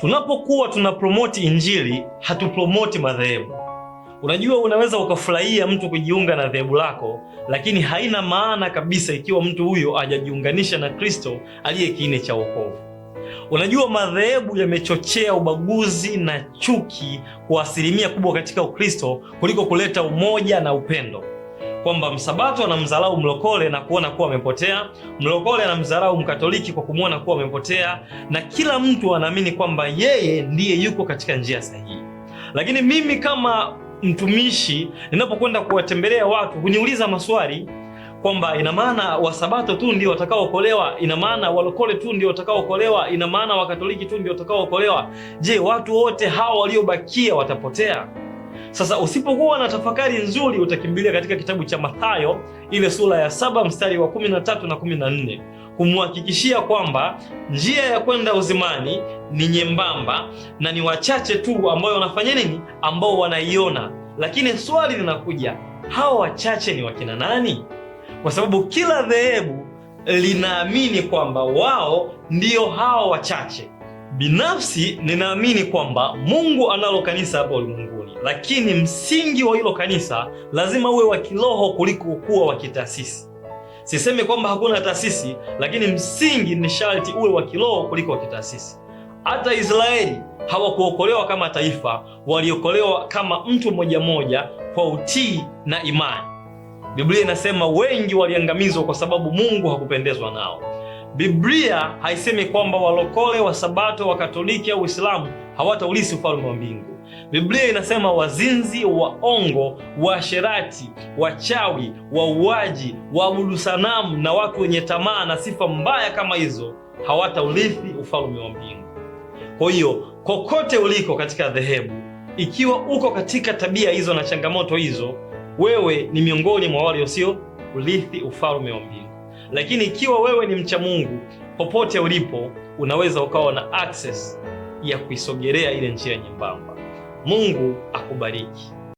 Tunapokuwa promote Injili, hatupromoti madhehebu. Unajua, unaweza ukafurahia mtu kujiunga na dhehebu lako, lakini haina maana kabisa ikiwa mtu huyo hajajiunganisha na Kristo aliye kiini cha wokovu. Unajua, madhehebu yamechochea ubaguzi na chuki kwa asilimia kubwa katika Ukristo kuliko kuleta umoja na upendo kwamba msabato anamdharau mlokole na kuona kuwa amepotea, mlokole anamdharau mkatoliki kwa kumwona kuwa amepotea, na kila mtu anaamini kwamba yeye ndiye yuko katika njia sahihi. Lakini mimi kama mtumishi ninapokwenda kuwatembelea watu kuniuliza maswali kwamba ina maana wasabato tu ndio watakaookolewa? Ina maana walokole tu ndio watakaookolewa? Ina maana wakatoliki tu ndio watakaookolewa? Je, watu wote hawa waliobakia watapotea? Sasa usipokuwa na tafakari nzuri, utakimbilia katika kitabu cha Mathayo ile sura ya saba mstari wa 13 na 14 kumhakikishia kwamba njia ya kwenda uzimani ni nyembamba na ni wachache tu ambao wanafanya nini, ambao wanaiona. Lakini swali linakuja, hawa wachache ni wakina nani? Kwa sababu kila dhehebu linaamini kwamba wao ndio hao wachache. Binafsi ninaamini kwamba Mungu analo kanisa hapa ulimwenguni, lakini msingi wa hilo kanisa lazima uwe wa kiroho kuliko kuwa wa kitaasisi. Sisemi kwamba hakuna taasisi, lakini msingi ni sharti uwe wa kiroho kuliko wa kitaasisi. Hata Israeli hawakuokolewa kama taifa, waliokolewa kama mtu mmoja mmoja kwa utii na imani. Biblia inasema wengi waliangamizwa kwa sababu Mungu hakupendezwa nao. Biblia haisemi kwamba walokole, wa wasabato, wakatoliki au Uislamu hawataulisi ufalme wa mbingu. Biblia inasema wazinzi, waongo, waasherati, wachawi, wauaji, waabudu sanamu na watu wenye tamaa na sifa mbaya kama hizo ulithi ufalme wa mbingu. Kwa hiyo kokote uliko katika dhehebu, ikiwa uko katika tabia hizo na changamoto hizo, wewe ni miongoni mwa wale usio ulithi ufalme wa mbingu. Lakini ikiwa wewe ni mcha Mungu, popote ulipo unaweza ukawa na access ya kuisogelea ile njia nyembamba. Mungu akubariki.